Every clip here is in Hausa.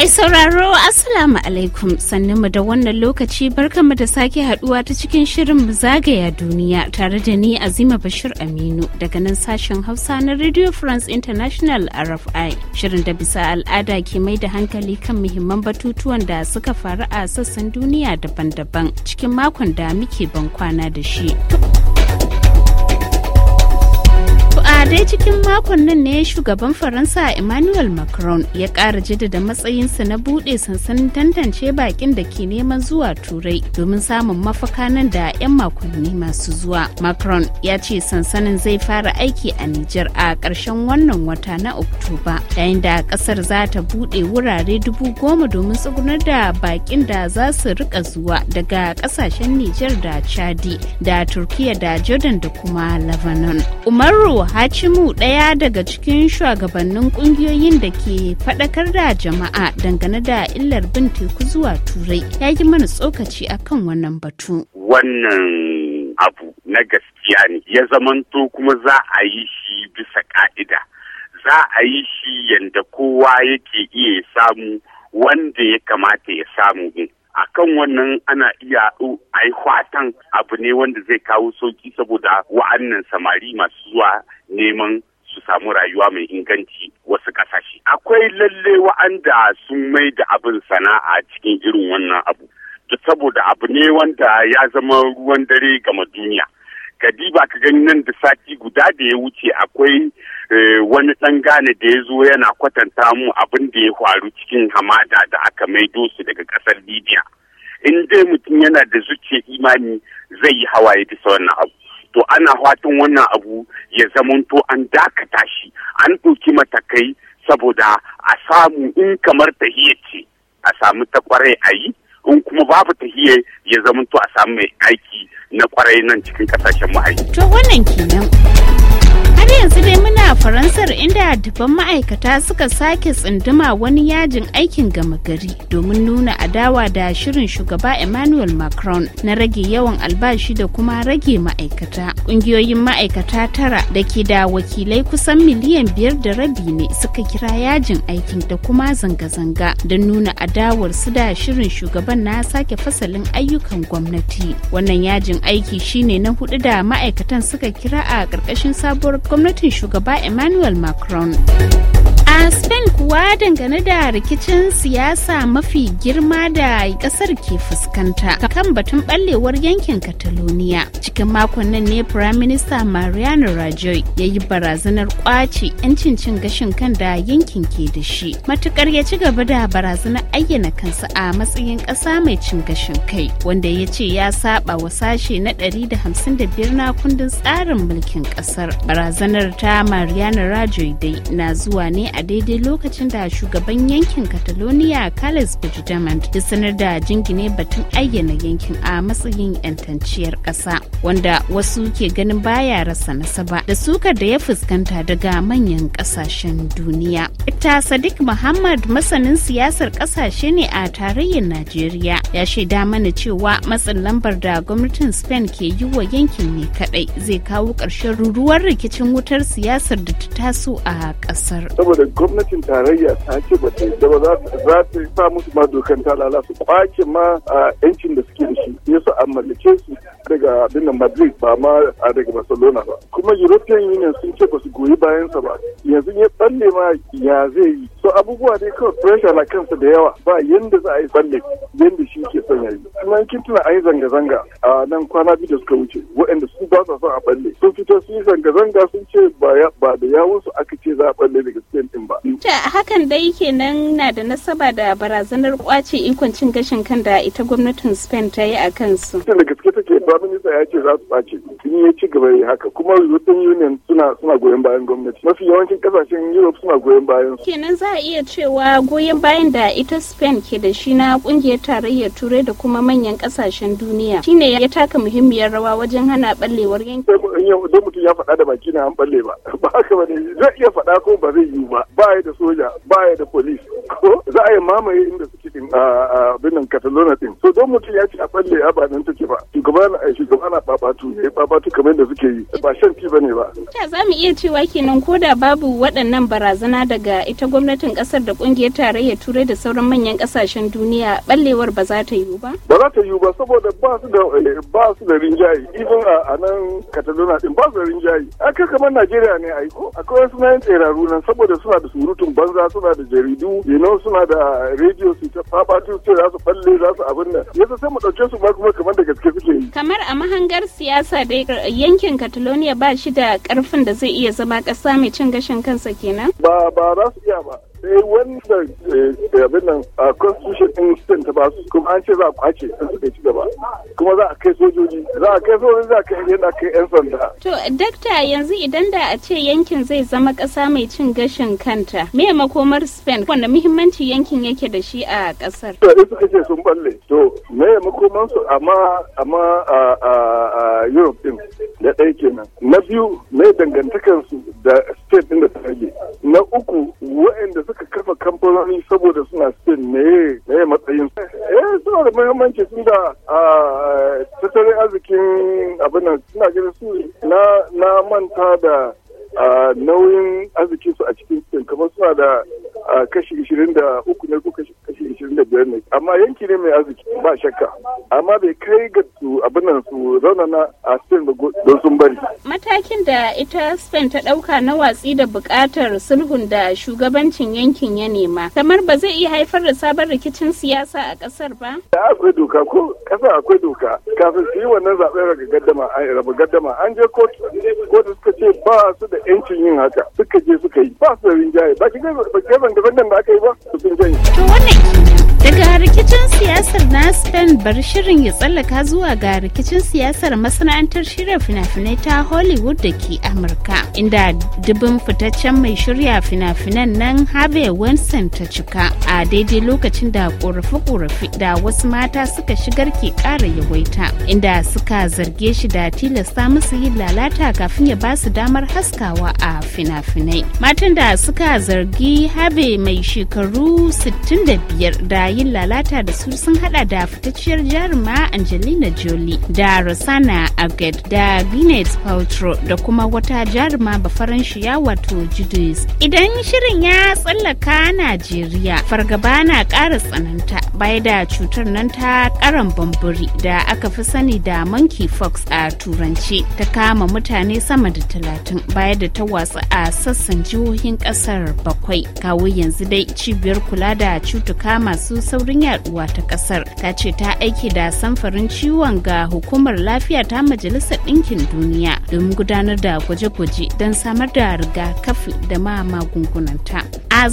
Mai sauraro Assalamu alaikum mu da wannan lokaci barkanmu da sake haduwa ta cikin shirin mu zagaya duniya tare da ni Azima Bashir Aminu daga nan sashen Hausa na Radio France International RFI. Shirin da bisa al'ada ke mai da hankali kan muhimman batutuwan da suka faru a sassan duniya daban-daban cikin makon da muke ban kwana da shi. A dai cikin makon nan ne shugaban Faransa Emmanuel Macron ya ƙara jaddada matsayinsa na buɗe sansanin tantance bakin da ke neman zuwa Turai domin samun mafaka nan da 'yan makonni masu zuwa. Macron ya ce sansanin zai fara aiki a Nijar a ƙarshen wannan wata na Oktoba, yayin da ƙasar za ta buɗe wurare dubu goma domin tsugunar da bakin da za su rika zuwa daga ƙasashen Nijar da Chadi da Turkiya da Jordan da kuma Lebanon. Umaru mu ɗaya daga cikin shugabannin ƙungiyoyin da ke faɗakar da jama'a dangane da illar bin teku zuwa turai ya yi mana tsokaci akan wannan batu. Wannan abu na gaskiya ne ya zamanto kuma za a yi shi bisa ka'ida. Za a yi shi yadda kowa yake iya samu wanda ya kamata ya samu din. a kan wannan ana iya a yi abu ne wanda zai kawo sauki saboda wa'annan samari masu zuwa neman su samu rayuwa mai inganci wasu kasashe. Akwai lalle wa'anda sun mai da abin sana'a cikin irin wannan abu. saboda abu ne wanda ya zama ruwan dare gama duniya. Kadiba ka gani nan da sati guda da ya wuce akwai eh, wani ɗan gane da ya zo yana kwatanta mu abin da ya faru cikin hamada da aka maido su daga ƙasar Libya. In dai mutum yana da zuciya imani zai yi hawaye bisa wannan abu. to ana fatan wannan abu ya zamanto an dakata shi an ɗauki matakai saboda a samu in kamar tahiyar ce a samu ta kwarai a yi in kuma babu tahiyar ya zamanto a samu mai aiki na kwarai nan cikin kasashen mu To wannan kenan. Har yanzu dai muna Faransar inda dubban ma'aikata suka sake tsunduma wani yajin aikin gama gari domin nuna adawa da shirin shugaba Emmanuel Macron na rage yawan albashi da kuma rage ma'aikata. Kungiyoyin ma'aikata tara da ke da wakilai kusan miliyan biyar da rabi ne suka kira yajin aikin da kuma zanga-zanga don nuna adawar su da shirin shugaban na sake fasalin ayyukan gwamnati. Wannan yajin aiki shine na hudu da ma'aikatan suka kira a ƙarƙashin sabuwar gwamnatin shugaba Emmanuel Macron. a spain kuwa dangane da rikicin siyasa mafi girma da kasar ke fuskanta kan batun ballewar yankin catalonia cikin makon ne prime minister mariano rajoy ya yi barazanar kwace yancin cin gashin kan da yankin ke da shi matukar ya ci gaba da barazanar ayyana kansa a matsayin kasa mai cin gashin kai wanda ya ce ya saba wa sashe na 155 na kundin tsarin mulkin kasar barazanar ta mariano rajoy dai na zuwa ne a daidai lokacin da shugaban yankin catalonia carles puigdemont ya sanar da jingine batun ayyana yankin a matsayin yantanciyar ƙasa wanda wasu ke ganin baya rasa nasaba da sukar da ya fuskanta daga manyan ƙasashen duniya ita sadiq muhammad masanin siyasar ƙasashe ne a tarayyar najeriya ya shaida mana cewa matsin lambar da gwamnatin spain ke yi wa yankin ne kadai zai kawo ƙarshen ruruwar rikicin wutar siyasar da ta taso a ƙasar gwamnatin tarayya ta ce ba ta yadda ba za ta sa musu ma dokan ta su kwace ma a yancin da suke da shi yasa a mallake su daga abin Madrid ba ma a daga Barcelona ba kuma European Union sun ce ba su goyi bayansa ba yanzu ya tsalle ma ya zai yi so abubuwa dai kawai pressure na kansa da yawa ba yanda za a yi tsalle yanda shi ke son yayi kuma kin tuna zanga-zanga a nan kwana biyu da suka wuce waɗanda su ba sa son a balle sun fito su yi zanga-zanga sun ce ba da yawun su aka ce za a balle daga spain din ba. hakan dai kenan na da nasaba da barazanar kwace ikon cin gashin kan da ita gwamnatin spain ta yi a kansu. da gaske take ba minista ya ce za su ɓace in ya ci gaba yi haka kuma european union suna goyon bayan gwamnati mafi yawancin kasashen europe suna goyon bayan. kenan za a iya cewa goyon bayan da ita spain ke da shi na kungiyar tarayyar turai da kuma manyan kasashen duniya shine ya taka muhimmiyar rawa wajen hana ballewar yankin idan mutum ya faɗa da baki na an balle ba ba haka ba ne zai iya faɗa ko ba zai yi ba ba ya da soja ba ya da police ko za a yi mamaye inda suke din a nan Catalonia din so don mutum ya ce a balle a ba nan take ba shugaba na eh, shugaba na babatu ne babatu kamar yadda suke yi ba shan ti bane ba ya za mu iya cewa kenan ko da babu waɗannan barazana daga ita gwamnati gwamnatin kasar da kungiyar tarayyar turai da sauran manyan kasashen duniya ballewar ba za ta yiwu ba ba za ta yiwu ba saboda ba su da eh, ba su da rinjaye even a nan Catalonia din ba su da rinjaye aka kamar Najeriya ne ai ko akwai wasu yin tseraru nan saboda suna da surutun banza suna da jaridu you suna da rediyo su ta fafatu su za su falle za su abin nan yasa sai mu dauke su ba kuma kamar da gaske suke yi kamar a mahangar siyasa da yankin kataloniya ba shi da karfin da zai iya zama kasa mai cin gashin kansa kenan ba ba za su iya ba sai eh, wanda eh, eh, abin nan a constitution din state ta ba su kuma an ce za a kwace sun suka ci gaba kuma za a kai sojoji za a kai sojoji za a kai yana kai yan sanda. to dakta yanzu idan da a ce yankin zai zama ƙasa mai cin gashin kanta me makomar spain wanda muhimmanci yankin yake da shi a ƙasar. to in suka ce sun balle to me makoman su amma amma a europe din da ɗaya kenan na biyu me dangantakansu da state din da ta rage na uku waɗanda suka kafa kamfanoni saboda suna son ne ne matsayin su eh suna da muhimmanci sun da tattalin arzikin abin nan suna gina su na na manta da nauyin arzikin su a cikin su kamar suna da kashi uku ne ko kashi da biyar ne amma yanki ne mai arziki ba shakka amma bai kai ga su abin nan su zauna na a spain don sun bari matakin da ita Spain ta ɗauka na watsi da buƙatar sulhun da shugabancin yankin ya nema. Kamar ba zai iya haifar da sabon rikicin siyasa a ƙasar ba? Da akwai doka ko ƙasa akwai doka. Kafin su yi wannan zaɓen raga gaddama raba gaddama an je kotu kotu suka ce ba su da yancin yin haka suka je suka yi ba su da rinjaye ba ki ga zanga-zangan da aka yi ba su sun janye. To wannan Daga rikicin siyasar na Spain bar shirin ya tsallaka zuwa ga rikicin siyasar masana'antar shirin fina-finai ta Hollywood da ke Amurka, inda dubin fitaccen mai shirya fina-finan nan Harvey Weinstein ta cika a daidai lokacin da ƙorafi-ƙorafi da wasu mata suka shigar ke ƙara yawaita, inda suka zarge shi da tilasta musu yin lalata kafin ya ba su damar haskawa a fina-finai. Matan da suka zargi Harvey mai shekaru 65 da yin lalata da su sun hada da fitacciyar jaruma Angelina Jolie da Rosanna Agate da Gwyneth Paul Paltrow da kuma wata jaruma bafaranshiya wato Judith. Idan shirin ya tsallaka Najeriya fargaba na ƙara tsananta baya da cutar nan ta karan bamburi da aka fi sani da monkey fox a turance ta kama mutane sama da talatin baya da ta watsu a sassan jihohin kasar bakwai kawo yanzu dai cibiyar kula da cutuka masu saurin yaduwa ta kasar ta ce ta aiki da samfarin ciwon ga hukumar lafiya ta majalisar ɗinkin duniya domin gudanar da gwaje-gwaje don samar da rigakafi da ma magungunanta. A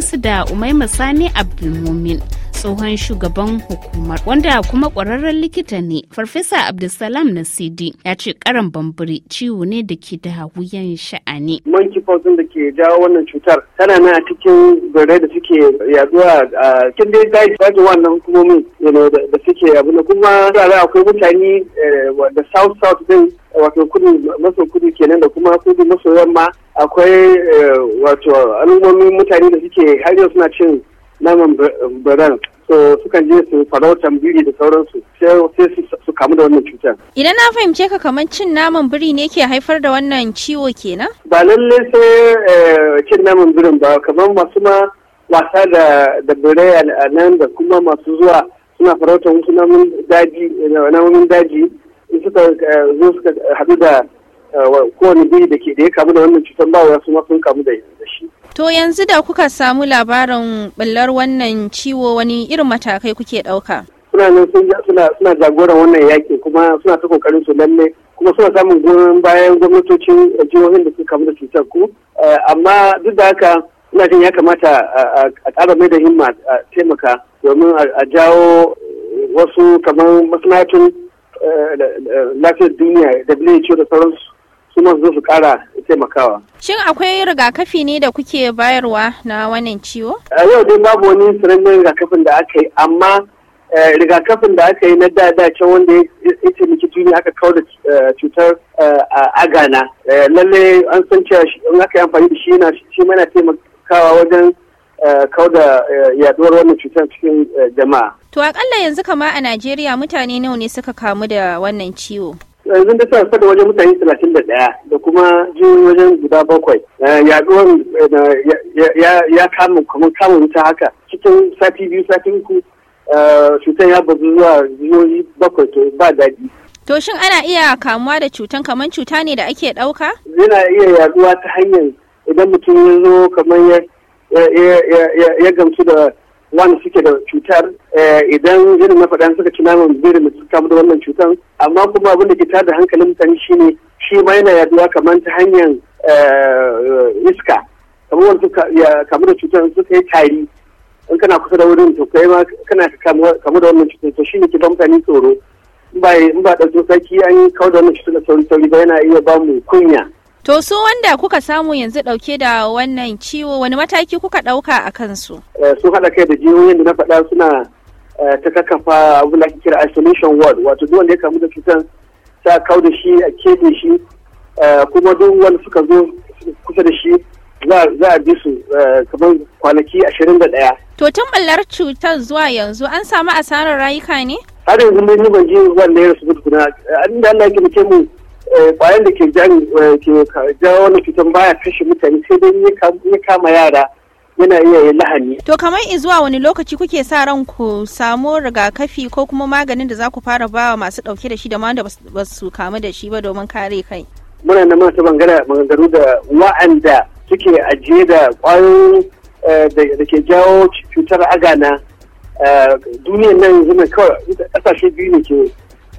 su da Umaima Sani Abdulmumin tsohon shugaban hukumar wanda kuma kwararren likita ne farfesa abdulsalam nasidi ya ce karan bambari ciwo ne da ke da wuyan sha'ani pox da ke jawo wannan cutar tana na cikin birrai da suke yaduwa a cikin dai daji wannan hukumomin da suke abu kuma yara akwai mutane eh, da south south din wato kudu maso kudu kenan da kuma kudu maso yamma akwai eh, wato al'ummomin mutane da suke har yau suna cin naman baran so sukan je su farautan biri da sauransu sai su kamu da wannan cutar. Idan na fahimce ka kamar cin naman biri ne ke haifar da wannan ciwo kenan? Ba lallai sai eh, cin naman birin ba kamar masu ma wasa da birai a nan da kuma masu zuwa suna farautar wasu namun daji eh, suka eh, zo suka eh, haɗu da eh, kowane biyu da ke da ya kamu da wannan cutar ba su ma sun kamu da shi. To yanzu da kuka samu labarin ɓullar wannan ciwo wani irin matakai kuke ɗauka? Suna nan suna jagoran wannan yaƙi kuma suna ta kokarin su lalle kuma suna samun goyon bayan gwamnatocin jihohin da suka kamu da cutar ku. Amma duk da haka ina jin ya kamata a ƙara mai da himma a taimaka domin a jawo wasu kamar masana'atun Eh, lafiyar duniya WHO da sauransu su ma zo su kara taimakawa. Shin akwai rigakafi ne da kuke bayarwa na wannan ciwo? A yau dai babu wani sanannen rigakafin da aka yi amma eh, rigakafin da aka yi na da wanda ya taimaki duniya aka kawo da eh, cutar agana. Lallai an san cewa in aka yi amfani da shi yana taimakawa wajen Eh, kau da eh, yaduwar wannan cutar cikin eh, jama'a. To akalla yanzu kama a Najeriya mutane nawa ne suka kamu da wannan ciwo? yanzu da sa da wajen mutane talatin da ɗaya da kuma jin wajen guda bakwai yaduwar ya kama kamar kamun wuta haka cikin sati biyu sati uku cutar ya bazu zuwa jihohi bakwai to ba daɗi. To shin ana iya kamuwa da cutan kamar cuta ne da ake ɗauka? Yana iya yaduwa ta hanyar idan mutum ya zo kamar ya gamsu da wanda suke da cutar eh, idan irin na suka ci naman birin su kamu da wannan cutar amma kuma abin da ke tada hankalin mutane shine shi ma yana yaduwa kamar ta hanyar eh, iska kamar wanda suka kamu da cutar suka yi tari in kana kusa da wurin to kai ma kana kamu da wannan cutar to shine ke mutane tsoro in ba in ba da an kawo da wannan cutar da sauri sauri ba yana iya ba mu kunya To su wanda kuka samu yanzu dauke da wannan ciwo wani mataki kuka ɗauka a kansu? Eh, sun haɗa kai da jihohin da na faɗa suna eh, ta kakkafa abin da kira isolation ward wato duk wanda ya kamu da cutar ta kau da shi a keɓe shi eh, kuma duk wanda suka zo kusa da shi za a bi su kamar kwanaki ashirin da ɗaya. To tun ɓallar cutar zuwa yanzu an samu asarar rayuka ne? Har yanzu mun yi ban ji wanda ya rasu gudu kuna inda Allah ya mu kwayan eh, da ke jawo eh, wani cutar baya kashe mutane sai dai ya kama yara yana iya yin lahani. To kamar zuwa wani lokaci kuke sa ran ku samu rigakafi ko kuma maganin da za ku fara bawa masu ɗauke da shi da ma da ba su kamu da shi ba domin kare kai. Muna da mata maganganu da wa'anda suke ajiye da kwayoyin eh, da ke jawo cutar agana duniya nan yanzu kawai ƙasashe biyu ne ke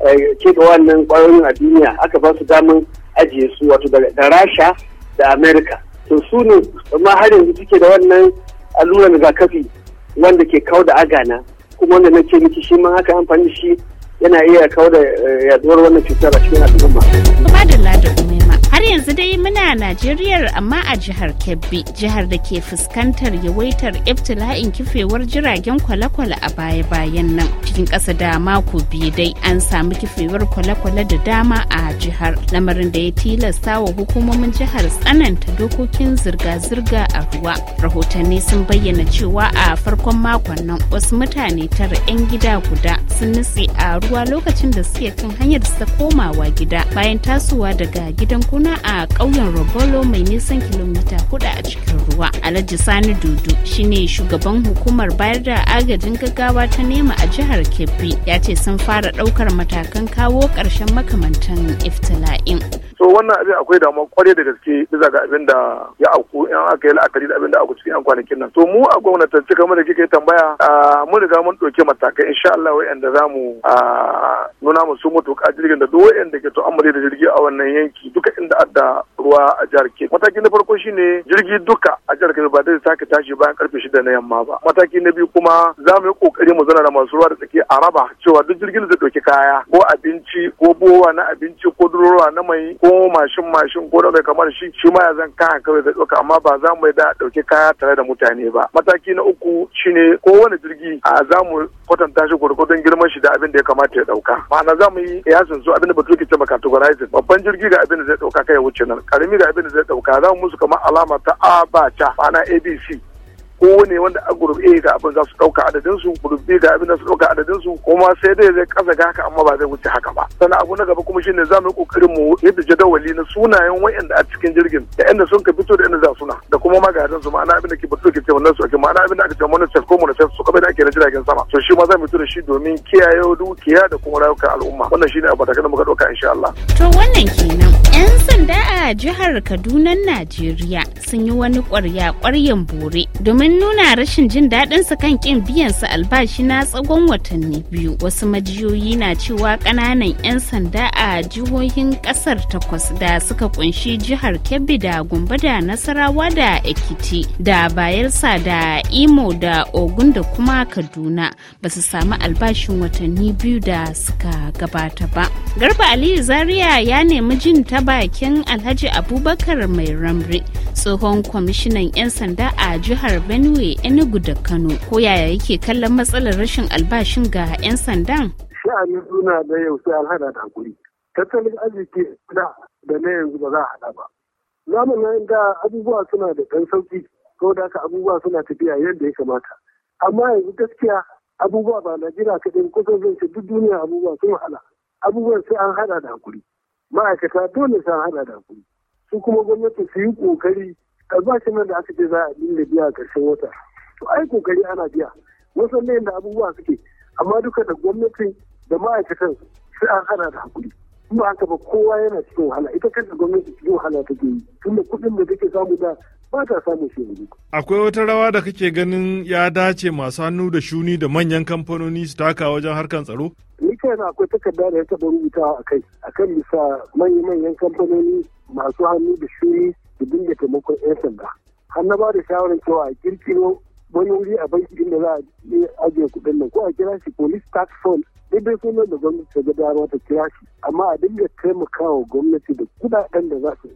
Eh, ke da wannan kwayoyin a duniya aka ba su daman ajiye su wato da rasha da amerika to su ne amma har yanzu suke da wannan allurar rigakafi wanda ke kawo da agana kuma wanda na ce miki shi ma haka amfani shi yana iya kawo da eh, yaduwar wannan cutar a cikin al'umma. Har yanzu dai muna Najeriya amma a jihar Kebbi, jihar da ke fuskantar yawaitar iftila'in kifewar jiragen kwale-kwale a baya-bayan nan. Cikin ƙasa da mako biyu dai an samu kifewar kwale-kwale da dama a jihar, lamarin da ya tilasta wa hukumomin jihar tsananta dokokin zirga-zirga a ruwa. Rahotanni sun bayyana cewa a farkon makon nan wasu mutane tara 'yan gida guda sun nutse a ruwa lokacin da suke kan hanyar sa komawa gida bayan tasowa daga gidan kuna a ƙauyen Robolo mai nisan kilomita hudu a cikin ruwa. Alhaji Sani Dudu shine shugaban hukumar bayar da agajin gaggawa ta nema a jihar Kebbi ya ce sun fara ɗaukar matakan kawo ƙarshen makamantan iftila'in. so wannan abin akwai damuwa kwarai da gaske bisa ga abin da ya auku in aka yi la'akari da abin da aka cikin yan kwanakin nan to mu a gwamnatin cika mu da kika yi tambaya ah, mun riga mun ɗauke matakai insha Allah wa'anda da za mu nuna mutu matuƙa jirgin da duk da ke tu'ammali da jirgi a wannan yanki duka inda adda ruwa a jihar Kebbi. Mataki na farko shine jirgi duka a jihar Kebbi ba zai sake tashi bayan karfe shida na yamma ba. Mataki na biyu kuma za mu yi kokari mu zana da masu ruwa da tsaki a raba cewa duk jirgin da zai ɗauki kaya ko abinci ko bowa na abinci ko durowa na mai ko mashin mashin ko da mai kamar shi shi ma ya zan kayan kawai zai dauka amma ba za mu da ɗauki kaya tare da mutane ba. Mataki na uku shine kowane jirgi a za mu kwatanta shi gwargwadon girma shi da abin da ya kamata ya dauka ma'ana za mu yi yasin abin da batu ke ce categorizing babban jirgi ga abin da zai dauka kai ya wuce nan karami ga abin da zai dauka za mu musu kamar alama ta a ba ca ma'ana abc kowane wanda a group A ga abin za su ɗauka adadin su group B ga abin da su ɗauka adadin su kuma sai dai zai kasa ga haka amma ba zai wuce haka ba sannan abu na gaba kuma shine za mu yi kokarin mu yadda jadawali na sunayen waanda a cikin jirgin da inda sun ka fito da inda za suna da kuma magadan su ma'ana abin da ke fito ke ce wannan su ake ma'ana abin da aka ce monitor ko monitor su da ake na jiragen sama to shi ma za mu fito da shi domin kiyaye dukiya da kuma rayukan al'umma wannan shine abu da muka ɗauka insha Allah to wannan kenan 'yan sanda a jihar Kaduna Najeriya sun yi wani ƙwarya ƙwaryan bore domin nuna rashin jin daɗinsu kan ƙin biyan su albashi na tsagon watanni biyu wasu majiyoyi na cewa ƙananan 'yan sanda a jihohin ƙasar takwas da suka kunshi jihar kebbi da gumba da nasarawa da ekiti da bayelsa da imo da ogun da kuma kaduna ba su samu albashin watanni biyu da suka gabata ba garba aliyu zaria ya nemi jin ta bakin alhaji abubakar mai ramri tsohon kwamishinan 'yan sanda a jihar benin Benue, Enugu da Kano ko yaya yake kallon matsalar rashin albashin ga 'yan sandan? Sha'anin suna da yau sai an da hakuri. Tattalin arziki da da na yanzu ba za a hada ba. nan da abubuwa suna da ɗan sauki ko da ka abubuwa suna tafiya yadda ya kamata. Amma yanzu gaskiya abubuwa ba na Najeriya kaɗai kusan zan ce duk duniya abubuwa sun wahala. Abubuwan sai an hada da hakuri. Ma'aikata dole sai an hada da hakuri. Su kuma gwamnati su yi ƙoƙari albashin nan da aka ce za a dinga biya a ƙarshen wata to ai kokari ana biya wasan ne da abubuwa suke amma duka da gwamnati da ma'aikatan sai an hana da hakuri kuma haka ba kowa yana cikin wahala ita kanta gwamnati cikin wahala ta ke yi tunda kuɗin da take samu da ba ta samun shi yanzu. Akwai wata rawa da kake ganin ya dace masu hannu da shuni da manyan kamfanoni su taka wajen harkar tsaro? nika yana akwai takarda da ya taɓa rubutawa a kai a kan bisa manyan kamfanoni masu hannu da shuni su dinga taimakon 'yan sanda har na ba da shawarar cewa a kirkiro wani wuri a banki inda za a ajiye kuɗin nan ko a kira shi police tax fund daidai sun da gwamnati ta gada ma ta kira shi amma a dinga taimakawa gwamnati da kuɗaɗen da za su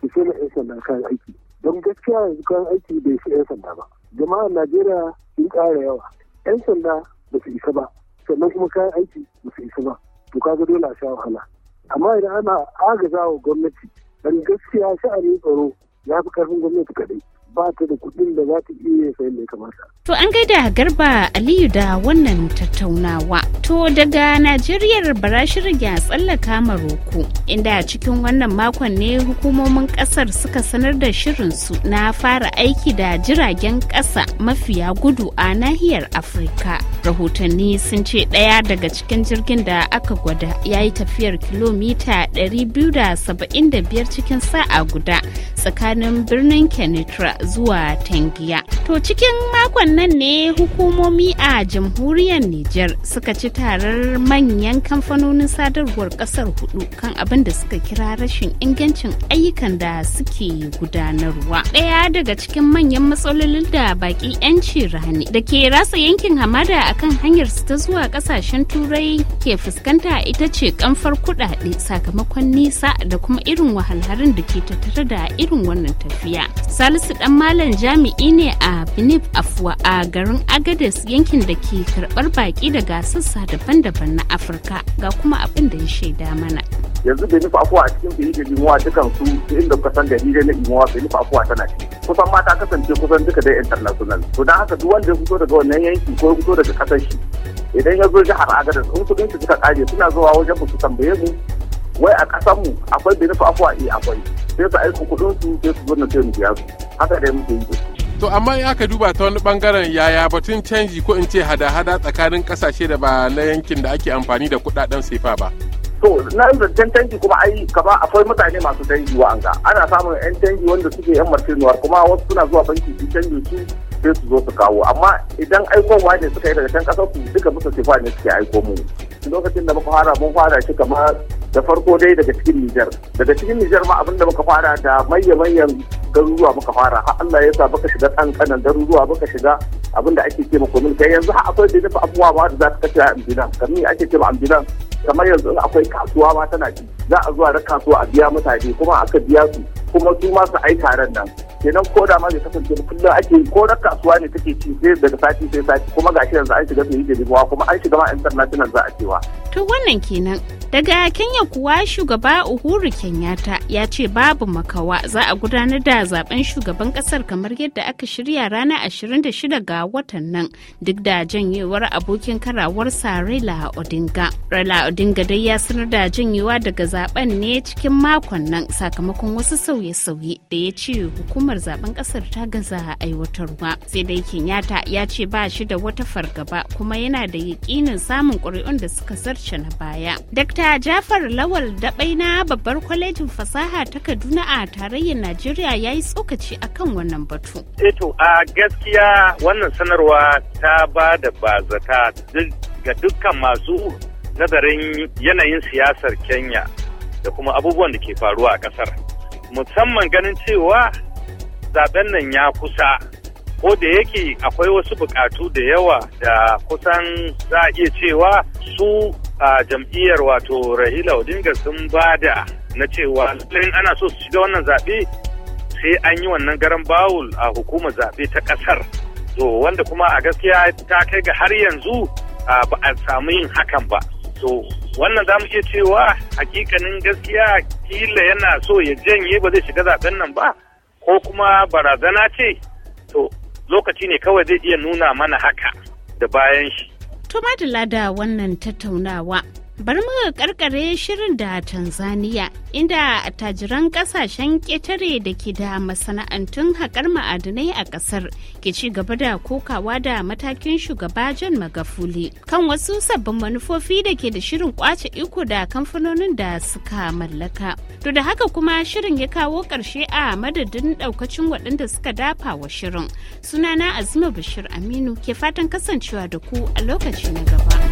su sai na 'yan sanda kayan aiki don gaskiya yanzu kayan aiki bai fi 'yan sanda ba jama'a najeriya sun ƙara yawa 'yan sanda ba su isa ba sannan kuma kayan aiki ba su isa ba to kaga dole a sha wahala amma idan ana agaza wa gwamnati don gaskiya sha'anin tsaro ya fi karfin gwamnati kaɗai ba ta da kuɗin da za ta iya sayan da ya kamata. To an gaida garba Aliyu da wannan tattaunawa. To daga Najeriya bara shirin ya tsallaka Maroko inda cikin wannan makon ne hukumomin kasar suka sanar da shirinsu na fara aiki da jiragen kasa mafiya gudu a nahiyar Afirka. Rahotanni sun ce ɗaya daga cikin jirgin da aka gwada ya yi tafiyar kilomita 275 cikin sa'a guda tsakanin birnin Kenitra zuwa Tangiya. To cikin makon nan ne hukumomi a jamhuriyar Nijar suka ci tarar manyan kamfanonin sadarwar kasar hudu kan abin da suka kira rashin ingancin ayyukan da suke gudanarwa. Ɗaya daga cikin manyan matsalolin da baki 'yanci rani da ke rasa yankin hamada akan hanyar su ta zuwa kasashen turai ke fuskanta ita ce kamfar kuɗaɗe sakamakon nisa da kuma irin wahalharin da ke tattare da irin wannan tafiya. Salisu dan malam jami'i ne a Binif Afuwa a garin Agades yankin da ke karbar baki daga sassa daban-daban na Afirka ga kuma abin da ya shaida mana. Yanzu benin Afuwa a cikin fili da limuwa dukan su inda kuka san gari da na limuwa benin Afuwa tana ciki. kusan mata kasance kusan duka dai international to dan haka duk wanda ya fito daga wannan yanki ko fito daga kasar shi idan ya zo jihar agadas in kudin su suka kare suna zuwa wajen su tambaye mu wai a ƙasar mu akwai da nufa afuwa eh akwai sai su aiko kuɗin su sai su zonna na sai mu biya su haka dai muke yi To amma in aka duba ta wani bangaren yaya batun canji ko in ce hada-hada tsakanin kasashe da ba na yankin da ake amfani da kudaden sefa ba. To na zancen canji kuma ai kaba akwai mutane masu canji wa anga ana samun yan canji wanda suke yan martinuwar kuma wasu suna zuwa banki su canji su sai su zo su kawo amma idan aikowa ne suka yi daga can kasar su duka musu sefa ne suke aiko mu. Lokacin da muka fara mun fara shi kamar da farko dai daga cikin Nijar daga cikin Nijar ma abinda muka fara da mayyan garuruwa muka fara har Allah ya sa baka shiga kankanan garuruwa baka shiga abinda ake ce ma kai yanzu har akwai da nufa ba da za ka kace ambilan kamar ake ce ma ambilan kamar yanzu akwai kasuwa ma tana ci za a zuwa da kasuwa a biya mutane kuma aka biya su kuma su ma su ai taron nan kenan ko da ma zai kasance kullum ake yi ko na kasuwa ne take ci sai daga sati sai sati kuma gashi yanzu an shiga sai yi jirgiwa kuma an shiga ma international za a cewa. to wannan kenan daga kenya kuwa shugaba uhuru kenyatta ya ce babu makawa za a gudanar da zaben shugaban kasar kamar yadda aka shirya ranar 26 ga watan nan duk da janyewar abokin karawarsa raila odinga raila odinga dai ya sanar da janyewa daga zaben ne cikin makon nan sakamakon wasu sau sauye-sauye da ya ce hukumar zaben kasar ta gaza a aiwatarwa sai dai kenyatta ya ce ba shi da wata fargaba kuma yana da yakinin samun ƙuri'un da suka zarce na baya dr jafar lawal dabai na babbar kwalejin fasaha ta kaduna a tarayyar najeriya ya yi tsokaci akan wannan batu eto eh a gaskiya wannan sanarwa ta ba da bazata ga dukkan masu nazarin yanayin siyasar kenya da kuma abubuwan da ke faruwa a kasar musamman ganin cewa zaben nan ya kusa ko da yake akwai wasu bukatu da yawa da kusan za a iya cewa su a jam'iyyar wato rahila odinga sun bada na cewa in ana so su shiga wannan zaɓe sai an yi wannan garan bawul a hukumar zaɓe ta ƙasar to wanda kuma a gaskiya ta kai ga har yanzu ba a samu yin hakan ba to wannan za mu iya cewa hakikanin gaskiya kila yana so ya janye ba zai shiga zaben nan ba ko kuma barazana ce to lokaci ne kawai zai iya nuna mana haka da bayan shi. To madalla da wannan tattaunawa bar mu karkare shirin da tanzania inda attajiran kasashen ƙetare da ke da masana'antun haƙar ma'adinai a ƙasar ke ci gaba da kokawa da matakin shugaba jan magafuli kan wasu sabbin manufofi da ke da shirin kwace iko da kamfanonin da suka mallaka to da haka kuma shirin ya kawo ƙarshe a madadin ɗaukacin waɗanda suka dafa wa shirin sunana azuma bashir aminu ke fatan kasancewa da ku a lokaci na gaba.